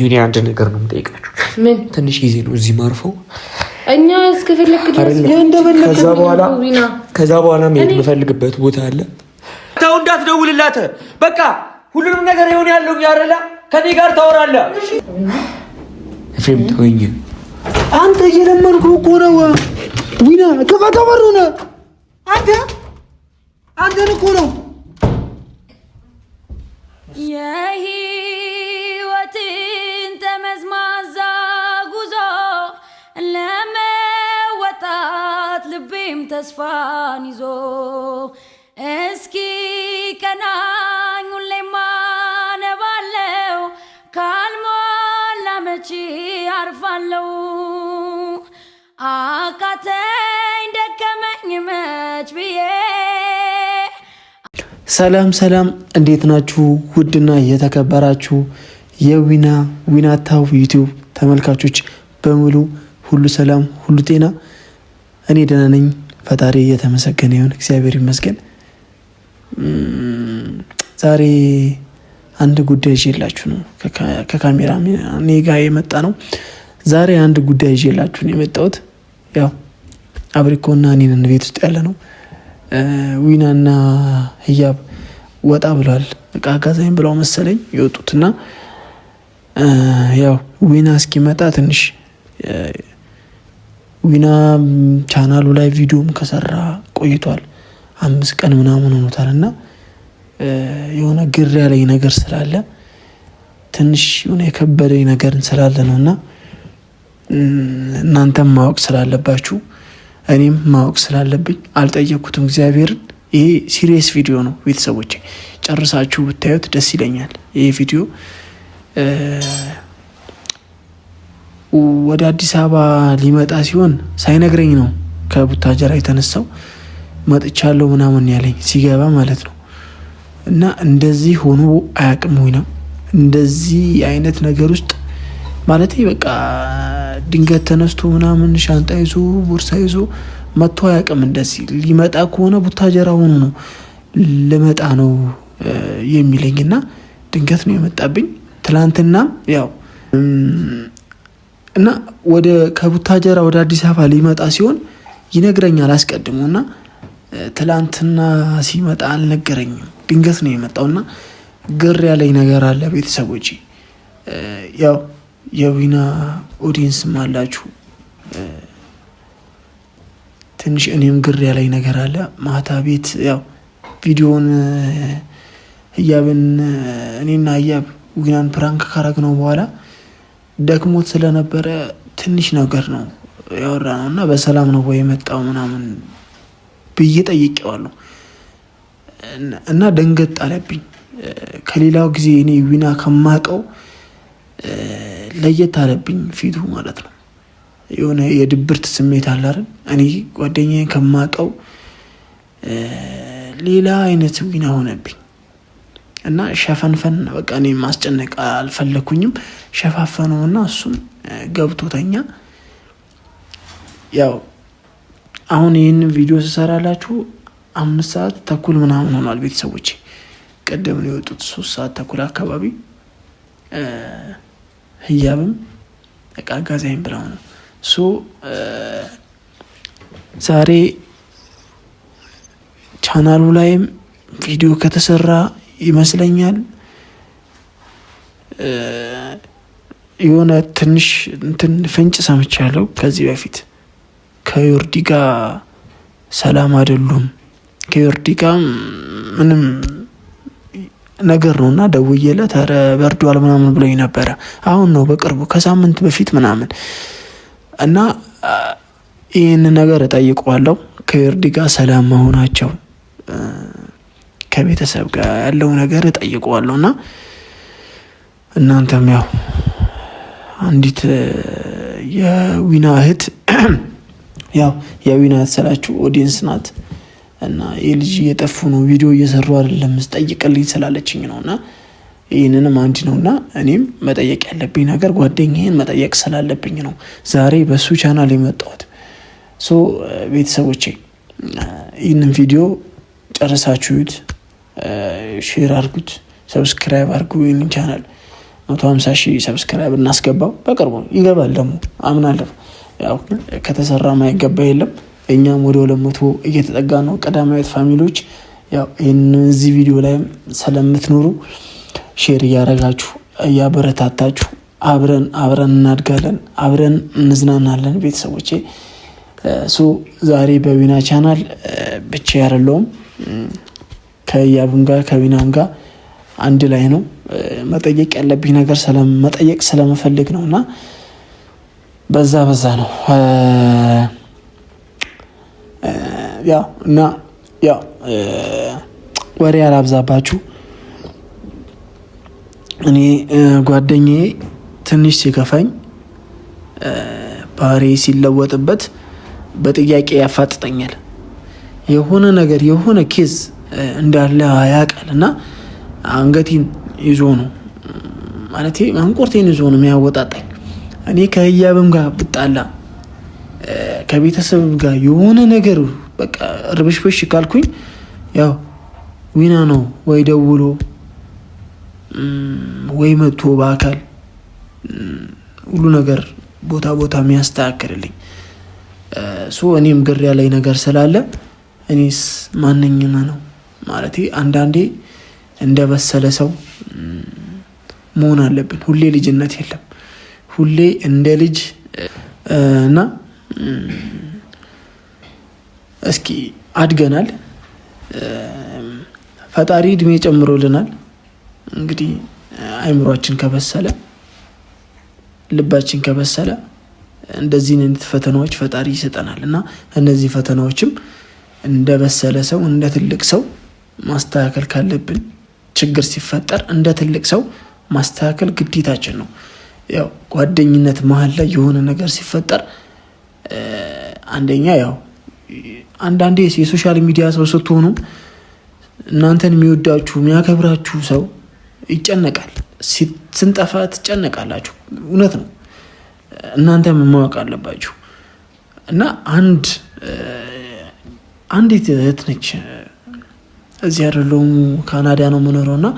ዩኒ አንድ ነገር ነው የምጠይቃቸው። ምን ትንሽ ጊዜ ነው እዚህ ማርፈው እኛ እስከፈለክ ድረስ ከዛ በኋላ መሄድ የምፈልግበት ቦታ አለ። ተው እንዳትደውልላት። በቃ ሁሉንም ነገር የሆነ ያለው ያረላ ከኔ ጋር ታወራለ። ኤፍሬም ተወኝ። አንተ እየለመንኩ እኮ ነው ዊና ከፈተበሩነ አንተ አንተን እኮ ነው ተስፋን ይዞ እስኪ ቀናኝ ሁሌማ ነባለው ካልሞላ መቼ አርፋለው አቃተኝ ደከመኝ መች ብዬ ሰላም ሰላም፣ እንዴት ናችሁ? ውድና የተከበራችሁ የዊና ዊናታው ዩቲዩብ ተመልካቾች በሙሉ ሁሉ ሰላም፣ ሁሉ ጤና፣ እኔ ደህና ነኝ። ፈጣሪ እየተመሰገነ ይሁን፣ እግዚአብሔር ይመስገን። ዛሬ አንድ ጉዳይ ይዤላችሁ ነው ከካሜራ እኔ ጋር የመጣ ነው። ዛሬ አንድ ጉዳይ ይዤላችሁ ነው የመጣሁት። ያው አብሪኮና እኔን ቤት ውስጥ ያለ ነው። ዊናና ህያብ ወጣ ብለዋል። እቃ አጋዛኝ ብለው መሰለኝ የወጡትና ያው ዊና እስኪመጣ ትንሽ ዊና ቻናሉ ላይ ቪዲዮም ከሰራ ቆይቷል። አምስት ቀን ምናምን ሆኖታል እና የሆነ ግር ያለኝ ነገር ስላለ ትንሽ የሆነ የከበደኝ ነገር ስላለ ነው እና እናንተም ማወቅ ስላለባችሁ እኔም ማወቅ ስላለብኝ አልጠየቅኩትም እግዚአብሔርን። ይሄ ሲሪየስ ቪዲዮ ነው ቤተሰቦች ጨርሳችሁ ብታዩት ደስ ይለኛል ይሄ ቪዲዮ ወደ አዲስ አበባ ሊመጣ ሲሆን ሳይነግረኝ ነው ከቡታጀራ የተነሳው መጥቻለሁ ምናምን ያለኝ ሲገባ ማለት ነው። እና እንደዚህ ሆኖ ወይ ነው እንደዚህ አይነት ነገር ውስጥ ማለት በቃ ድንገት ተነስቶ ምናምን ሻንጣ ይዞ ቦርሳ ይዞ መጥቶ አያቅም እንደዚህ ሊመጣ ከሆነ ቡታጀራ ሆኖ ነው ልመጣ ነው የሚለኝ እና ድንገት ነው የመጣብኝ። ትላንትና ያው እና ወደ ከቡታጀራ ወደ አዲስ አበባ ሊመጣ ሲሆን ይነግረኛል አስቀድሞ እና ትላንትና ሲመጣ አልነገረኝም። ድንገት ነው የመጣውና ግር ያለኝ ነገር አለ። ቤተሰቦች ያው የዊና ኦዲየንስም አላችሁ ትንሽ እኔም ግር ያለኝ ነገር አለ። ማታ ቤት ያው ቪዲዮን ህያብን እኔና ህያብ ዊናን ፕራንክ ካረግነው በኋላ ደክሞት ስለነበረ ትንሽ ነገር ነው ያወራ ነው እና በሰላም ነው ወይ የመጣው ምናምን ብዬ ጠይቄዋለሁ እና ደንገት አለብኝ። ከሌላው ጊዜ እኔ ዊና ከማቀው ለየት አለብኝ ፊቱ ማለት ነው። የሆነ የድብርት ስሜት አላርን እኔ ጓደኛዬን ከማቀው ሌላ አይነት ዊና ሆነብኝ። እና ሸፈንፈን በቃ እኔ ማስጨነቅ አልፈለኩኝም። እና እሱም ገብቶተኛ። ያው አሁን ይህንን ቪዲዮ ስሰራላችሁ አምስት ሰዓት ተኩል ምናምን ሆኗል። ቤተሰቦች ቅድም ነው የወጡት ሶስት ሰዓት ተኩል አካባቢ ህያብም በቃ አጋዛይም ብለው ነው ሶ ዛሬ ቻናሉ ላይም ቪዲዮ ከተሰራ ይመስለኛል። የሆነ ትንሽ እንትን ፍንጭ ሰምቻለሁ ከዚህ በፊት ከዮርዲ ጋር ሰላም አይደሉም። ከዮርዲ ጋር ምንም ነገር ነው እና ደውዬለት ኧረ በርዷል ምናምን ብሎኝ ነበረ። አሁን ነው በቅርቡ ከሳምንት በፊት ምናምን እና ይህን ነገር እጠይቀዋለሁ ከዮርዲ ጋር ሰላም መሆናቸው ከቤተሰብ ጋር ያለው ነገር እጠይቀዋለሁ እና እናንተም ያው አንዲት የዊና እህት ያው የዊና እህት ስላችሁ ኦዲየንስ ናት እና ልጅ እየጠፉ ነው ቪዲዮ እየሰሩ አይደለም ስጠይቅልኝ ስላለችኝ ነው እና ይህንንም አንድ ነው እና እኔም መጠየቅ ያለብኝ ነገር ጓደኛዬን መጠየቅ ስላለብኝ ነው ዛሬ በሱ ቻናል የመጣሁት። ሶ ቤተሰቦቼ ይህንን ቪዲዮ ጨርሳችሁት ሼር አርጉት፣ ሰብስክራይብ አርጉ። ይህን ቻናል መቶ ሀምሳ ሺህ ሰብስክራይብ እናስገባው። በቅርቡ ይገባል ደግሞ አምናለሁ። ከተሰራ ማይገባ የለም። እኛም ወደ ሁለት መቶ እየተጠጋ ነው። ቀዳማዊት ፋሚሊዎች ይህን እዚህ ቪዲዮ ላይም ስለምትኖሩ ሼር እያረጋችሁ እያበረታታችሁ አብረን አብረን እናድጋለን፣ አብረን እንዝናናለን። ቤተሰቦቼ ሱ ዛሬ በዊና ቻናል ብቻ ያደለውም ከእያብም ጋር ከቢናም ጋር አንድ ላይ ነው። መጠየቅ ያለብኝ ነገር መጠየቅ ስለመፈልግ ነው እና በዛ በዛ ነው ያው እና ያው ወሬ ያላብዛባችሁ። እኔ ጓደኛዬ ትንሽ ሲከፋኝ ባህሪ ሲለወጥበት በጥያቄ ያፋጥጠኛል። የሆነ ነገር የሆነ ኬዝ እንዳለ ያውቃል እና አንገቴን ይዞ ነው ማለት ማንቆርቴን ይዞ ነው የሚያወጣጣኝ። እኔ ከህያብም ጋር ብጣላ ከቤተሰብም ጋር የሆነ ነገር በቃ ርብሽብሽ ካልኩኝ ያው ዊና ነው ወይ ደውሎ ወይ መጥቶ በአካል ሁሉ ነገር ቦታ ቦታ የሚያስተካክልልኝ እሱ እኔም ግር ላይ ነገር ስላለ እኔስ ማንኝና ነው ማለት አንዳንዴ እንደ ሰው መሆን አለብን። ሁሌ ልጅነት የለም። ሁሌ እንደ ልጅ እና እስኪ አድገናል። ፈጣሪ እድሜ ጨምሮልናል። እንግዲህ አይምሯችን ከበሰለ ልባችን ከበሰለ እንደዚህ አይነት ፈተናዎች ፈጣሪ ይሰጠናል እና እነዚህ ፈተናዎችም እንደ በሰለ ሰው እንደ ትልቅ ሰው ማስተካከል ካለብን ችግር ሲፈጠር እንደ ትልቅ ሰው ማስተካከል ግዴታችን ነው። ያው ጓደኝነት መሀል ላይ የሆነ ነገር ሲፈጠር አንደኛ ያው አንዳንዴ የሶሻል ሚዲያ ሰው ስትሆኑ እናንተን የሚወዳችሁ የሚያከብራችሁ ሰው ይጨነቃል። ስንጠፋ ትጨነቃላችሁ። እውነት ነው። እናንተም ማወቅ አለባችሁ እና አንድ አንዲት እህት ነች እዚህ አይደለሁም ካናዳ ነው የምኖረው እና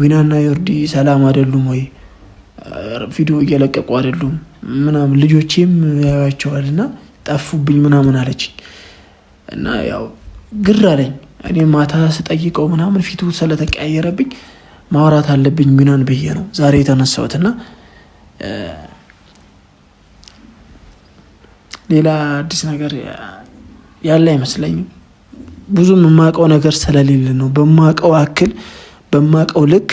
ዊናና ዮርዲ ሰላም አይደሉም ወይ ቪዲዮ እየለቀቁ አይደሉም ምናምን ልጆቼም ያዩቸዋል እና ጠፉብኝ ምናምን አለችኝ እና ያው ግር አለኝ። እኔ ማታ ስጠይቀው ምናምን ፊቱ ስለተቀያየረብኝ ማውራት አለብኝ ዊናን ብዬ ነው ዛሬ የተነሳሁት እና ሌላ አዲስ ነገር ያለ አይመስለኝም። ብዙም የማውቀው ነገር ስለሌለ ነው። በማውቀው አክል በማውቀው ልክ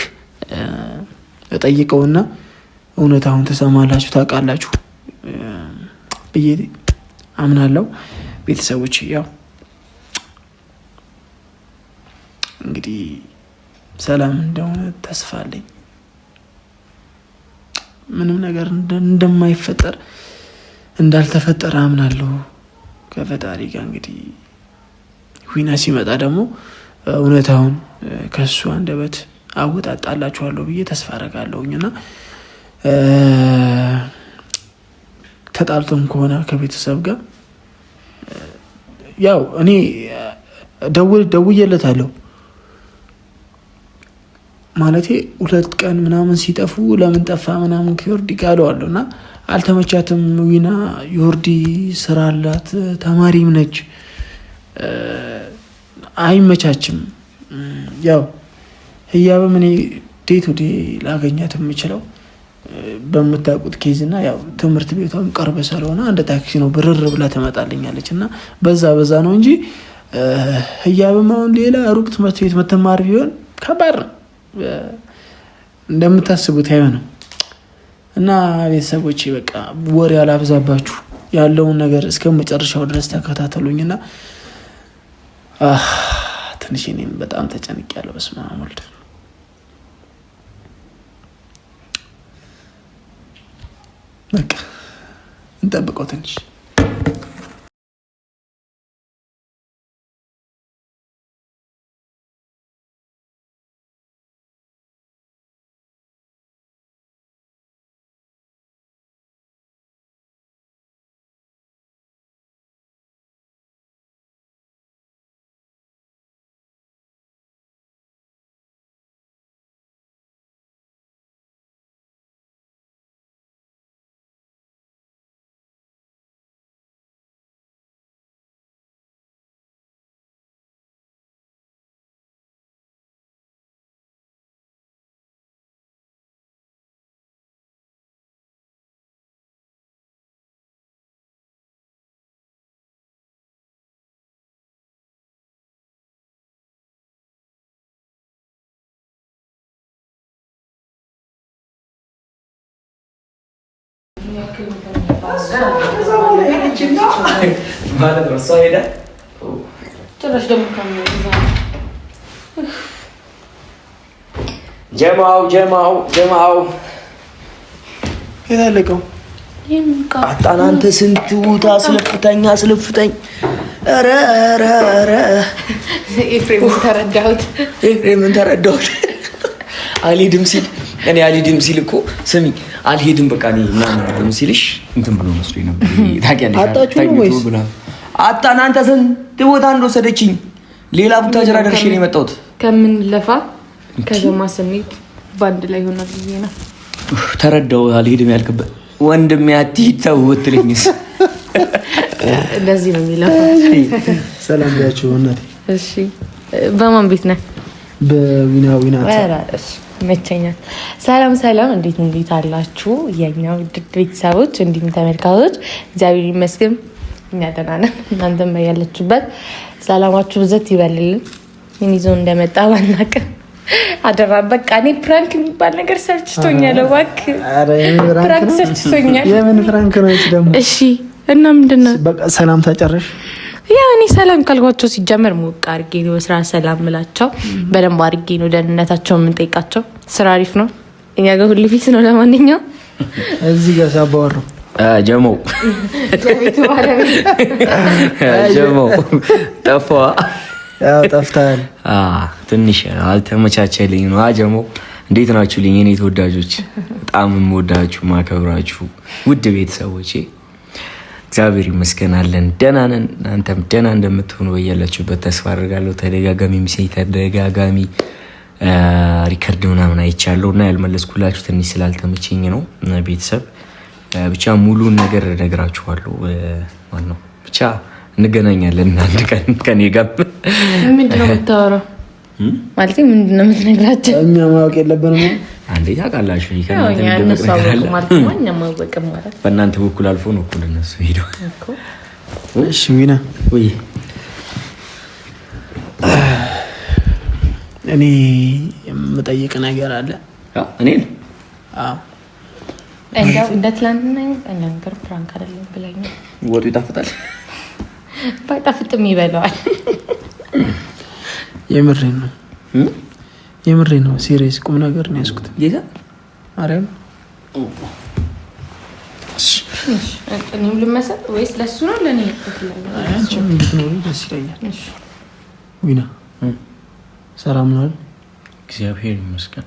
እጠይቀውና አሁን ትሰማላችሁ ታውቃላችሁ ብዬ አምናለሁ። ቤተሰቦች ያው እንግዲህ ሰላም እንደሆነ ተስፋ አለኝ። ምንም ነገር እንደማይፈጠር እንዳልተፈጠረ አምናለሁ ከፈጣሪ ጋር እንግዲህ ዊና ሲመጣ ደግሞ እውነታውን ከሱ አንደበት አወጣጣላችኋለሁ ብዬ ተስፋ አደርጋለሁኝ እና ተጣልቶም ከሆነ ከቤተሰብ ጋር ያው እኔ ደውዬለታለሁ ማለቴ ሁለት ቀን ምናምን ሲጠፉ ለምን ጠፋ ምናምን ከዮርዲ ቃለዋለሁ እና አልተመቻትም። ዊና ዮርዲ ስራ አላት፣ ተማሪም ነች። አይመቻችም። ያው ህያብም እኔ ዴቱ ዴ ላገኛት የምችለው በምታውቁት ኬዝ እና ያው ትምህርት ቤቷም ቀርበ ስለሆነ አንድ ታክሲ ነው ብርር ብላ ትመጣልኛለች እና በዛ በዛ ነው እንጂ ህያብም አሁን ሌላ ሩቅ ትምህርት ቤት መተማር ቢሆን ከባድ ነው፣ እንደምታስቡት አይሆንም። እና ቤተሰቦች በቃ ወሬ አላብዛባችሁ፣ ያለውን ነገር እስከ መጨረሻው ድረስ ተከታተሉኝና ትንሽ እኔም በጣም ተጨንቅ ያለው በስመ አብ ወልድ በቃ እንጠብቀው ትንሽ ማለት ነው። እሷ ሄዳ ጭራሽ ደግሞ ጀማው ጀማው ጀማው የታለቀው አጣን። አንተ ስንት ቦታ አስለፍተኝ አስለፍተኝ። ኧረ ኧረ ኧረ ኤፍሬምን ተረዳሁት፣ ኤፍሬምን ተረዳሁት። ሲል እኔ ሲል እኮ አልሄድም በቃ እኔ ሲልሽ እንትን ብሎ መስሎኝ ነበር። ታውቂያለሽ አጣን። አንተ ስንት ቦታ እንደወሰደችኝ ሌላ ቦታ ጅራ ደርሼ ነው የመጣሁት። ከምን ለፋ ከዘማ ስሜት በአንድ ላይ ሆነ ብዬ ነው ተረዳው። አልሄድም ያልክበት ወንድሜ አትሂድ ተው ብትለኝስ? እንደዚህ ነው የሚለው። ሰላም ቢያችሁ እናቴ። እሺ በማን ቤት ነህ? በዊና ዊና መቸኛል። ሰላም ሰላም፣ እንዴት እንዴት አላችሁ የኛ ውድድ ቤተሰቦች እንዲሁም ተመልካቶች? እግዚአብሔር ይመስገን እኛ ደህና ነን። እናንተም ያለችበት ሰላማችሁ ብዘት ይበልልን። ምን ይዞ እንደመጣ ባናቅ አደራ በቃ እኔ ፕራንክ የሚባል ነገር ሰልችቶኛል። እባክህ ፕራንክ ሰልችቶኛል። የምን ፕራንክ ነው ደግሞ? እሺ እና ምንድን ነው ሰላምታ ጨረሽ ያ እኔ ሰላም ካልኳቸው ሲጀመር ሞቅ አድርጌ ነው ስራ ሰላም ምላቸው። በደንብ አድርጌ ነው ደህንነታቸው የምንጠይቃቸው። ስራ አሪፍ ነው፣ እኛ ጋር ሁሉ ፊት ነው። ለማንኛው እዚህ ጋር ሲያባወሩ ነው ጀሞ ጀሞ ጠፋ ጠፍታል። ትንሽ አልተመቻቸልኝ ነው ጀሞ። እንዴት ናችሁ ልኝ እኔ ተወዳጆች፣ በጣም የምወዳችሁ ማከብራችሁ ውድ ቤተሰቦቼ እግዚአብሔር ይመስገን አለን፣ ደህና ነን። እናንተም ደህና እንደምትሆኑ በያላችሁበት ተስፋ አድርጋለሁ። ተደጋጋሚ ሚሴ ተደጋጋሚ ሪከርድ ምናምን አይቻለሁ እና ያልመለስኩላችሁ ትንሽ ስላልተመቸኝ ነው። ቤተሰብ ብቻ ሙሉን ነገር እነግራችኋለሁ። ዋናው ብቻ እንገናኛለን አንድ ቀን ከኔ ጋር። ምንድነው የምታወራው? ማለት ምንድነው የምትነግራቸው? እኛ ማወቅ የለብንም አንዴ ታውቃላችሁ በእናንተ በኩል አልፎ ነው እኩል እነሱ እሺ ሚና ወይ እኔ የምጠይቅ ነገር አለ። እኔን እንደ ትላንትና ነገር ፍራንክ አይደለም ብለኝ ወጡ ይጣፍጣል ባይጣፍጥም ይበለዋል። የምሬን ነው። የምሬ ነው። ሲሪየስ ቁም ነገር ነው ያዝኩት። ጌታ ማርያም ወይስ ለሱ ነው ደስ ዊና ሰላም ነው? እግዚአብሔር ይመስገን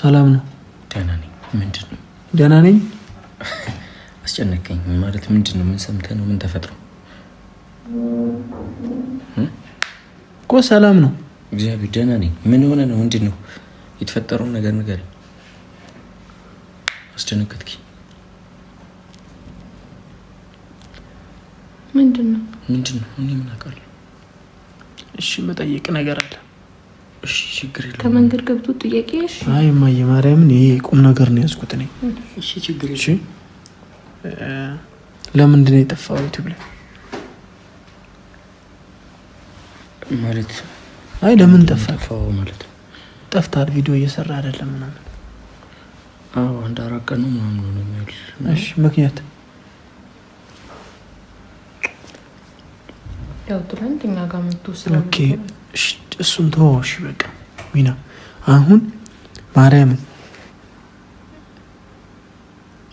ሰላም ነው። ደህና ነኝ። ምንድን ነው ደህና ነኝ? አስጨነቀኝ ማለት ምንድን ነው? ምን ሰምተህ ነው? ምን ተፈጥሮ እኮ ሰላም ነው እግዚአብሔር ደህና ነኝ። ምን ሆነ ነው? ምንድን ነው የተፈጠረውን ነገር ንገረኝ። አስደነገጥኪ። ምንድን ነው ምንድን ነው? እኔ ምን አውቃለሁ? እሺ መጠየቅ ነገር አለ። እሺ ችግር የለም። ከመንገድ ገብቶ ጥያቄ። እሺ አይ እማዬ ማርያምን ይሄ ቁም ነገር ነው ያዝኩት እኔ። እሺ ችግር የለም። ለምንድን ነው የጠፋው ዩቲዩብ ላይ ማለት አይ ለምን ጠፋህ ማለት ነው? ጠፍታል ቪዲዮ እየሰራ አይደለም ምናምን። አዎ አንድ አራት ቀን ነው ምናምን ነው የሚል። እሺ ምክንያት ኦኬ። እሱን ተወው በቃ ሚና አሁን ማርያምን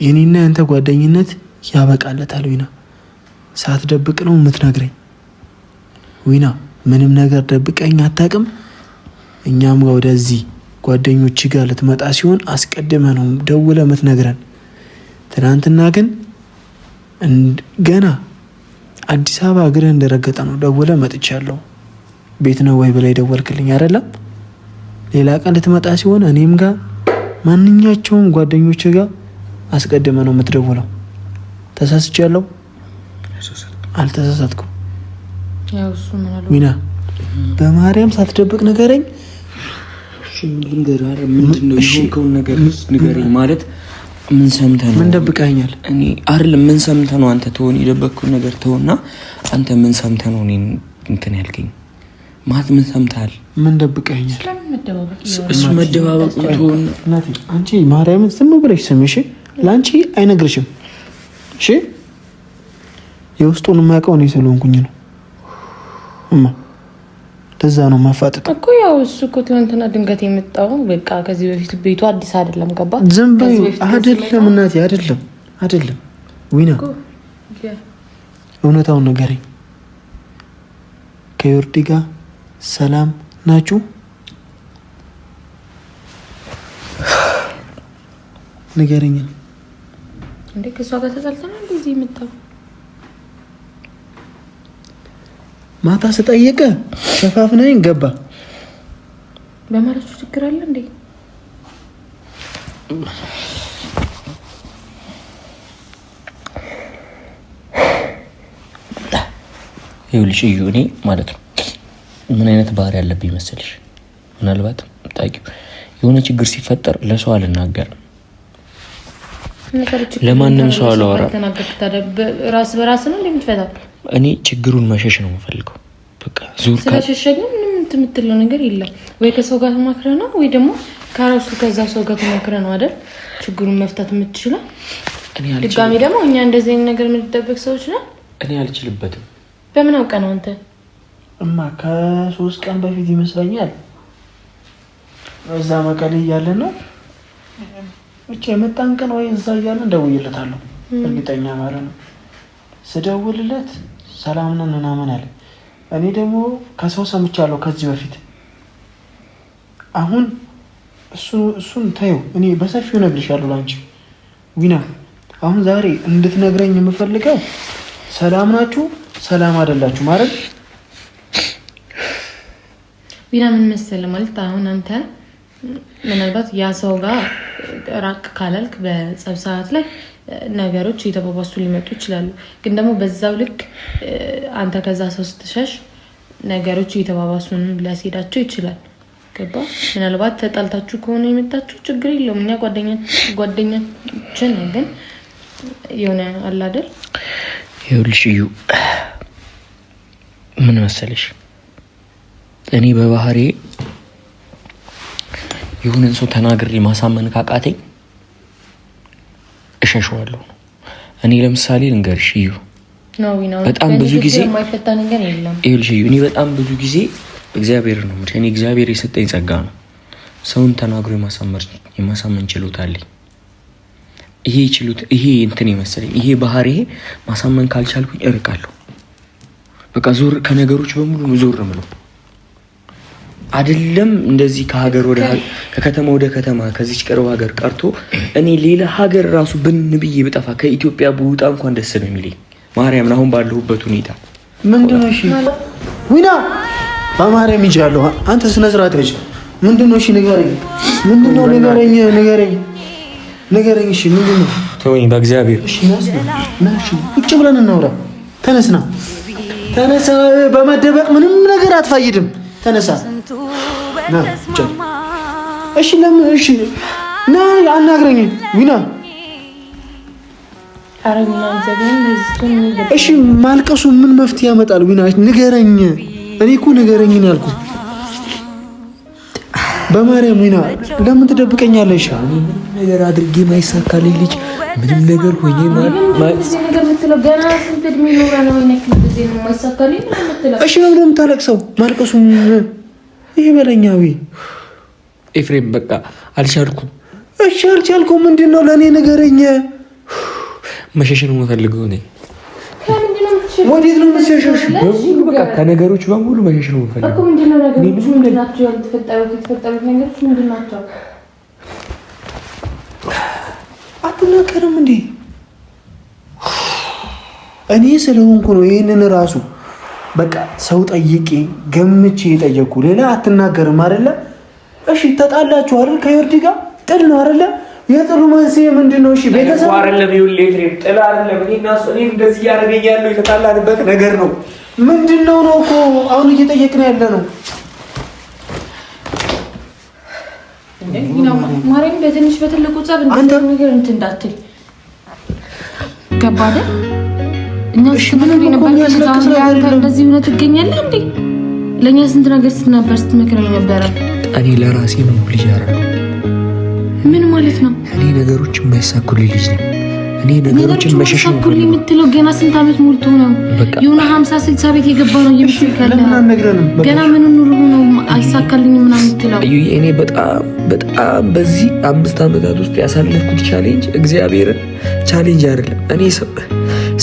የኔና ያንተ ጓደኝነት ያበቃለታል ዊና። ሳትደብቅ ነው የምትነግረኝ ዊና። ምንም ነገር ደብቀኝ አታውቅም። እኛም ጋር ወደዚህ ጓደኞች ጋር ልትመጣ ሲሆን አስቀድመ ነው ደውለ ምትነግረን። ትናንትና ግን ገና አዲስ አበባ እግርህ እንደረገጠ ነው ደውለ መጥቻለሁ ቤት ነው ወይ ብላ ደወልክልኝ አይደለም። ሌላ ቀን ልትመጣ ሲሆን እኔም ጋር ማንኛቸውም ጓደኞች ጋር አስቀድመ ነው የምትደውለው። ተሳስቻለሁ? አልተሳሳትኩም። ሚና በማርያም ሳትደብቅ ንገረኝ። ማለት ምን ሰምተህ ነው? ምን ደብቀኸኛል? እኔ አይደለም ምን ሰምተህ ነው አንተ? ተሆን የደበቅኩህን ነገር ተወና፣ አንተ ምን ሰምተህ ነው እኔን እንትን ያልከኝ? ማለት ምን ሰምተሃል? ምን ደብቀኸኛል? እሱ መደባበቁ ተወን። አንቺ ማርያምን ዝም ብለሽ ስሚ እሺ። ለአንቺ አይነግርሽም እሺ። የውስጡን የማያውቀው እኔ ስለሆንኩኝ ነው እማ ለዛ ነው ማፋጠጥ እኮ ያው እሱ እኮ ትናንትና ድንገት የመጣው በቃ ከዚህ በፊት ቤቱ አዲስ አይደለም። ገባ ዝም በይ አይደለም እናቴ፣ አይደለም አይደለም። ዊና እውነታውን ንገረኝ። ከዮርዲ ጋር ሰላም ናችሁ? ንገረኝ። እንዴ ከእሷ ጋር ተጣልተናል እዚህ የመጣው ማታ ስጠይቀ ሸፋፍናኝ ገባ በማለቱ ችግር አለ እንዴ? ይኸውልሽ እዩ እኔ ማለት ነው ምን አይነት ባህሪ ያለብኝ ይመስልሽ? ምናልባት ታውቂው የሆነ ችግር ሲፈጠር ለሰው አልናገርም፣ ለማንም ሰው አላወራም። ራስ በራስ ነው እንደምትፈታው እኔ ችግሩን መሸሽ ነው የምፈልገው። በቃ ዙር ስለሸሸኝ ምንም የምትለው ነገር የለም። ወይ ከሰው ጋር ተማክረ ነው ወይ ደግሞ ከራሱ ከዛ ሰው ጋር ተማክረ ነው አይደል ችግሩን መፍታት የምትችለው። ድጋሚ ደግሞ እኛ እንደዚህ አይነት ነገር የምንጠበቅ ሰዎች ነን። እኔ አልችልበትም። በምን አውቀ ነው አንተ? እማ ከሶስት ቀን በፊት ይመስለኛል እዛ መቀሌ እያለን ነው ብቻ የመጣን ቀን ወይ እዛ እያለን ደውይለታለሁ። እርግጠኛ ማለት ነው ስደውልለት ሰላም ነን ምናምን አለ። እኔ ደግሞ ከሰው ሰምቻለሁ ከዚህ በፊት አሁን እሱን ታየው። እኔ በሰፊው እነግርሻለሁ ላንቺ ዊና። አሁን ዛሬ እንድትነግረኝ የምፈልገው ሰላም ናችሁ ሰላም አይደላችሁ ማለት ዊና። ምን መሰለህ ማለት አሁን አንተ ምናልባት ያ ሰው ጋር ራቅ ካላልክ በጸብ ሰዓት ላይ ነገሮች እየተባባሱ ሊመጡ ይችላሉ። ግን ደግሞ በዛው ልክ አንተ ከዛ ሰው ስትሸሽ ነገሮች እየተባባሱን ሊያስሄዳቸው ይችላል። ገባ? ምናልባት ተጣልታችሁ ከሆነ የመጣችሁ ችግር የለውም እኛ ጓደኛችን ግን የሆነ አላደል ይኸውልሽ፣ እዩ ምን መሰለሽ፣ እኔ በባህሬ የሆነን ሰው ተናግሬ ማሳመን ካቃተኝ እሸሸዋለሁ። እኔ ለምሳሌ ልንገርሽ እዩ በጣም ብዙ ጊዜ ይኸውልሽ እዩ እኔ በጣም ብዙ ጊዜ እግዚአብሔር ነው እኔ እግዚአብሔር የሰጠኝ ጸጋ ነው። ሰውን ተናግሮ የማሳመን ችሎታ አለኝ። ይሄ ችሎት ይሄ እንትን ይመስለኝ ይሄ ባህሪ ማሳመን ካልቻልኩኝ እርቃለሁ። በቃ ዞር ከነገሮች በሙሉ ዞር ምለው አይደለም እንደዚህ ከሀገር ወደ ከከተማ ወደ ከተማ ከዚች ቅርብ ሀገር ቀርቶ እኔ ሌላ ሀገር ራሱ ብን ብዬ ብጠፋ ከኢትዮጵያ ብውጣ እንኳን ደስ ነው የሚለኝ ማርያምን አሁን ባለሁበት ሁኔታ ምንድነው? እሺ ዊና በማርያም ይጃለሁ። አንተ ስነ ስርዓት ልጅ ምንድነው? እሺ ንገረኝ። ምንድነው? ንገረኝ፣ ንገረኝ፣ ንገረኝ። እሺ ምንድነው? ተወኝ በእግዚአብሔር። እሺ ቁጭ ብለን እናውራ። ተነስና፣ ተነሳ። በመደበቅ ምንም ነገር አትፋይድም። ተነሳ። እሺ ለምን? እሺ ና አናግረኝ ዊና። እሺ ማልቀሱ ምን መፍትሄ ያመጣል? ዊና ንገረኝ። እኔ እኮ ንገረኝ ነው ያልኩት። በማርያም ዊና ለምን ትደብቀኛለሽ? ነገር አድርጌ ማይሳካልኝ ልጅ ምንም ነገር ሆኜ እሺ ነው የምታለቅሰው። ማልቀሱ ይህ በለኛዊ ኤፍሬም፣ በቃ አልቻልኩም። እሺ አልቻልኩም። ምንድን ነው ለእኔ ንገረኝ። መሸሽ ነው የምፈልገው እኔ። ወዴት ነው የምትሸሸሽ? በሙሉ በቃ ከነገሮች በሙሉ መሸሽ ነው የምፈልገው። አትናገርም እንዴ? እኔ ስለሆንኩ ነው ይህንን ራሱ በቃ ሰው ጠይቄ ገምቼ የጠየቅኩ ሌላ አትናገርም አይደለ? እሺ ተጣላችሁ አይደል? ከዮርዲ ጋር ጥል ነው አይደለ? የጥሉ መንስኤ ምንድን ነው? እሺ ቤተሰብ አይደለም ይኸውልህ፣ ጥል አይደለም። እኔና እሱ እኔ እንደዚህ እያደረገኝ ያለው የተጣላንበት ነገር ነው። ምንድን ነው ነው እኮ አሁን እየጠየቅን ያለ ነው ማርያም በትንሽ በትልቁ ጸብ አንተ ነገር እንትን እንዳትል ገባህ አይደል? እኛ ስትመክር ነበር እንደዚህ ሆነ ትገኛለህ እንዴ? ለእኛ ስንት ነገር ስትነበር ስትመክረኝ ነበረ። እኔ ለራሴ ነው ልጅ ምን ማለት ነው? እኔ ነገሮች የማይሳኩልኝ ልጅ ነው እኔ ነገሮችን መሸሸም ሁሉ የምትለው ገና ስንት ዓመት ሞልቶ ነው? የሆነ ሀምሳ ስልሳ ቤት የገባ ነው እየምትልካለ ገና ምን ኑሮ ነው አይሳካልኝ ምናምን የምትለው እኔ በጣም በጣም በዚህ አምስት ዓመታት ውስጥ ያሳለፍኩት ቻሌንጅ እግዚአብሔርን ቻሌንጅ አይደለም። እኔ ሰው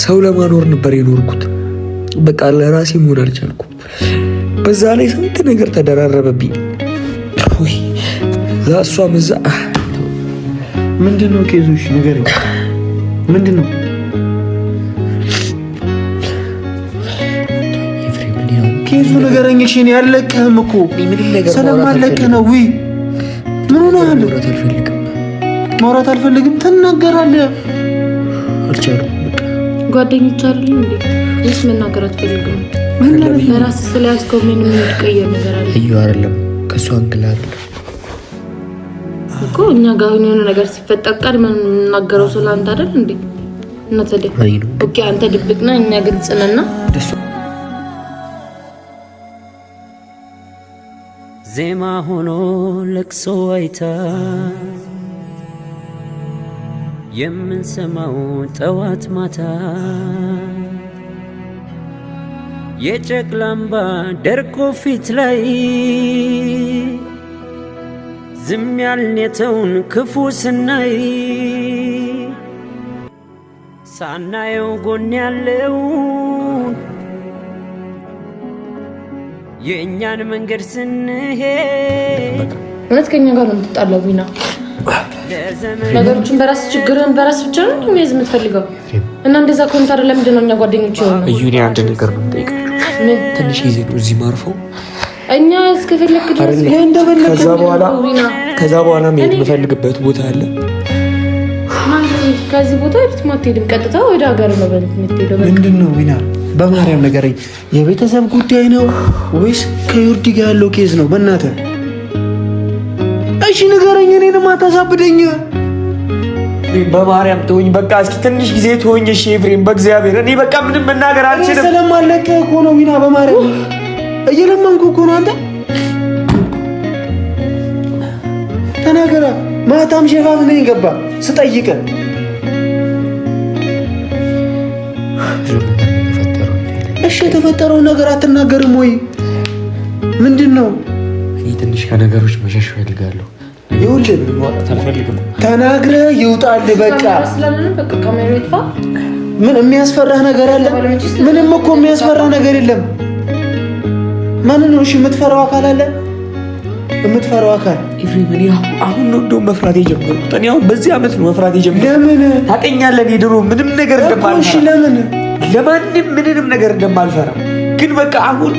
ሰው ለማኖር ነበር የኖርኩት። በቃ ለራሴ መሆን አልቻልኩም። በዛ ላይ ስንት ነገር ተደራረበብኝ። እዛ እሷም እዛ ምንድን ነው ኬዞች ነገር ምንድን ነው ኬዙ ነገረኝ። እሺ እኔ አለቅህም እኮ ሰላም አለቅህ ነው። ውይ ምን ሆነሃል? ማውራት አልፈልግም። አልፈልግም። ትናገራለህ። አልቻልኩም። ጓደኞች አይደለም እንዴ? ይህስ መናገር አትፈልግም? ምን ለራስህ ስለያዝከው ምን ምን የሚቀየር ነገር አለ? እዩ አይደለም ከእሱ አንግላ አይደለም እኮ እኛ ጋር የሆነ ነገር ሲፈጠር ቀድመን የምናገረው ስለ አንተ አይደል እንዴ? እናተደ ኦኬ፣ አንተ ድብቅ ነህ፣ እኛ ግልጽ ነና ዜማ ሆኖ ለቅሶ አይታ የምንሰማው ጠዋት ማታ የጨቅላምባ እምባ ደርቆ ፊት ላይ ዝም ያልኔተውን ክፉ ስናይ ሳናየው ጎን ያለውን የእኛን መንገድ ስንሄድ እውነት ከኛ ጋር ነው የምትጣለው። ቢና ነገሮችን በራስ ችግርን በራስ ብቻ ነው ዝ የምትፈልገው እና እንደዛ ከሆነ ታዲያ ለምንድን ነው እኛ ጓደኞች የሆነ እዩ? አንድ ነገር ነው ትንሽ ጊዜ ነው እዚህ ማርፈው እኛ እስከፈለክ ድረስ ከዛ በኋላ ከዛ በኋላ መሄድ የምፈልግበት ቦታ አለ። ከዚህ ቦታ ፊት አትሄድም። ቀጥታ ወደ ሀገር ነው ምንድን ነው ዊና፣ በማርያም ንገረኝ፣ የቤተሰብ ጉዳይ ነው ወይስ ከዮርዲ ጋር ያለው ኬዝ ነው? በእናተ እሺ ንገረኝ፣ እኔንም አታሳብደኝ። በማርያም ትሆኝ። በቃ እስኪ ትንሽ ጊዜ ትሆኝ። እሺ ኤፍሬም፣ በእግዚአብሔር እኔ በቃ ምንም መናገር አልችልም። ስለማለቀ እኮ ነው ዊና፣ በማርያም እየለመንኩ እኮ ነው። አንተ ተናገራ። ማታም ሸፋፍ ነኝ ገባ ስጠይቀ እሺ፣ የተፈጠረው ነገር አትናገርም ወይ? ምንድን ነው? እኔ ትንሽ ከነገሮች መሸሽ ፈልጋለሁ። ይኸውልህ ተናግረህ ይውጣል። በቃ ምን የሚያስፈራህ ነገር አለ? ምንም እኮ የሚያስፈራህ ነገር የለም። ማንን ነው እሺ የምትፈራው? አካል አለ የምትፈራው አካል ኤፍሬም። እኔ አሁን ነው እንደውም መፍራት የጀመርኩት። እኔ አሁን በዚህ ዓመት ነው መፍራት የጀመርኩት። ለምን ታቀኛለን? ድሮ ምንም ነገር እንደማልፈራ እሺ። ለምን ለማንም ምንንም ነገር እንደማልፈራ ግን በቃ አሁን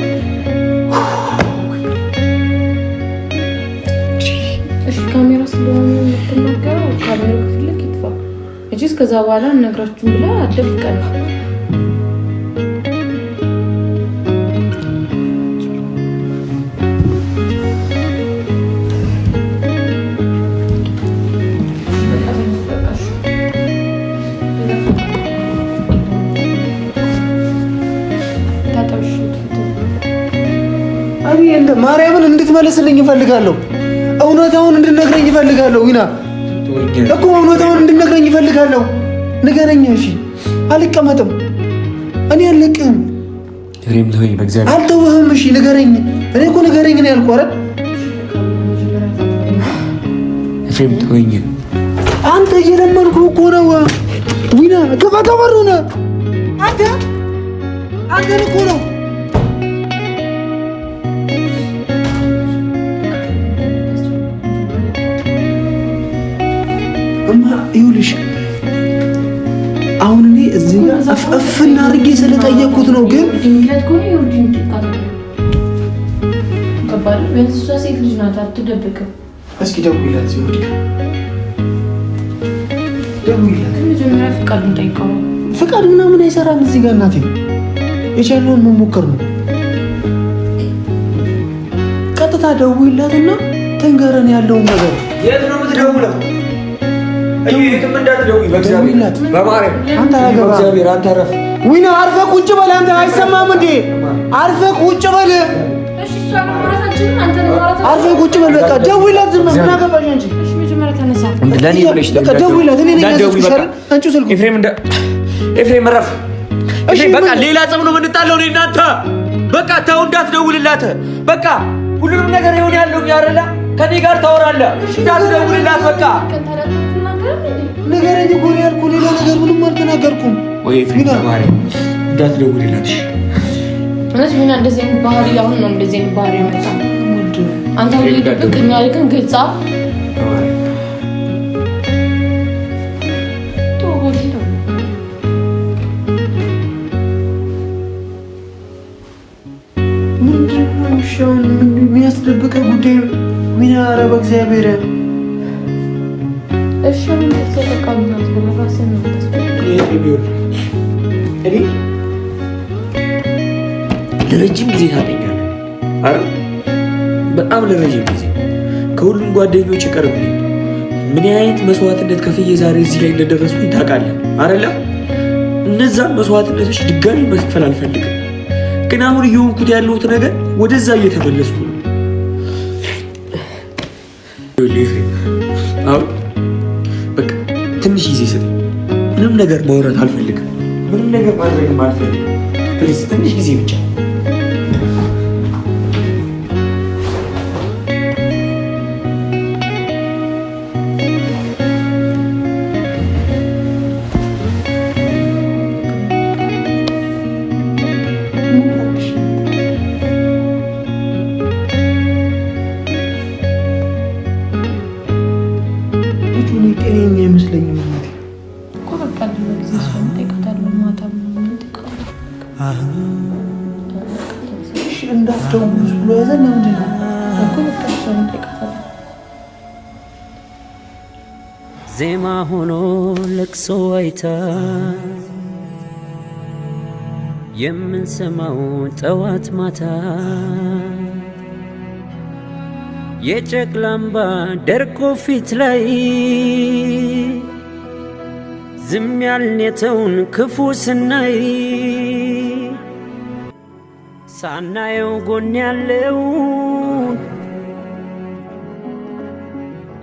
እሺ፣ ካሜራ ስለሆነ የምትናገረው ካሜራ ክፍል ይጥፋ እንጂ እስከዛ በኋላ እነግራችሁ ብላ አደፍቀናል እንደ ማርያምን እንድትመልስልኝ እፈልጋለሁ። እውነታውን እንድነግረኝ እፈልጋለሁ። ዊና እኮ እውነታውን እንድነግረኝ እፈልጋለሁ። ንገረኝ። እሺ፣ አልቀመጥም። እኔ አልለቅህም፣ አልተውህም። እሺ፣ ንገረኝ። እኔ እኮ ንገረኝ ነው ያልኩህ አይደል? አንተ እየለመንኩህ እኮ ነው ዊና። ክፈተው በሩን። አንተ አንተ እኮ ነው እና ይኸውልሽ አሁን እኔ እዚህ ጋር እፍና አድርጌ ስለጠየኩት ነው። ግን እስኪ ደውይላት ፍቃድ ምናምን አይሰራም እዚህ ጋር እናቴ፣ የቻለውን መሞከር ነው። ቀጥታ ደውይላትና ትንገረን ያለውን ነገር የት ነው የምትደውለው? የትም እንዳትደውይ ዊና አርፈህ ቁጭ በል። አንተ አይሰማም እንዴ? አርፈህ ቁጭ በል። አርፈህ ቁጭ በል። በቃ ደውይላት። ዝም ምን አገባኝ እንጂ ለእኔ ብለሽ ደውይላት። እኔ ኤፍሬም ረፍ። እሺ በቃ ሌላ ጸብ ነው የምንጣለው እኔ እናንተ። በቃ ተው እንዳትደውልላት። በቃ ሁሉንም ነገር ይሆን ያለው ያረላ ከኔ ጋር ታወራለህ። እንዳትደውልላት በቃ ንገረኝ እኮ ነው ያልኩህ። ሌላ ነገር ምንም አልተናገርኩም። ወይ ባሪ እንዳትደውልላት። እውነት ምን እንደዚህ አይነት ባህሪ አሁን ነው እንደዚህ አይነት ባህሪ መጣ። አንተ ሁሌ ድብቅ የሚያደርግን ግልጻ ምንድን ነው የሚያስደብቀ ጉዳይ ምን? ኧረ በእግዚአብሔር የሚወድ እኔ ለረጅም ጊዜ ታጠኛለ አረ በጣም ለረጅም ጊዜ ከሁሉም ጓደኞች ይቀርብ ምን አይነት መስዋዕትነት ከፍዬ ዛሬ እዚህ ላይ እንደደረሱ ታውቃለህ አረላ እነዛን መስዋዕትነቶች ድጋሚ መክፈል አልፈልግም። ግን አሁን እየሆንኩት ያለሁት ነገር ወደዛ እየተመለስኩ ነው። ነገር ማውራት አልፈልግም። ምንም ነገር ማድረግም አልፈልግም። ፕሊዝ ትንሽ ጊዜ ብቻ ጌታ የምንሰማው ጠዋት ማታ የጨቅላምባ ደርቆ ፊት ላይ ዝም ያልኔተውን ክፉ ስናይ ሳናየው ጎን ያለውን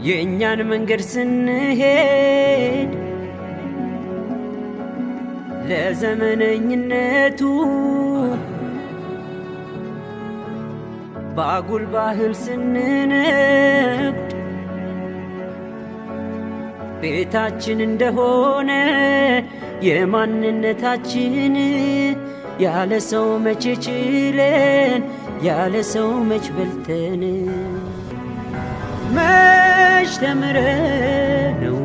የእኛን መንገድ ስንሄድ ለዘመነኝነቱ ባጉል ባህል ስንነቅድ ቤታችን እንደሆነ የማንነታችን ያለ ሰው መቼ ችለን ያለ ሰው መች በልተን መች ተምረ ነው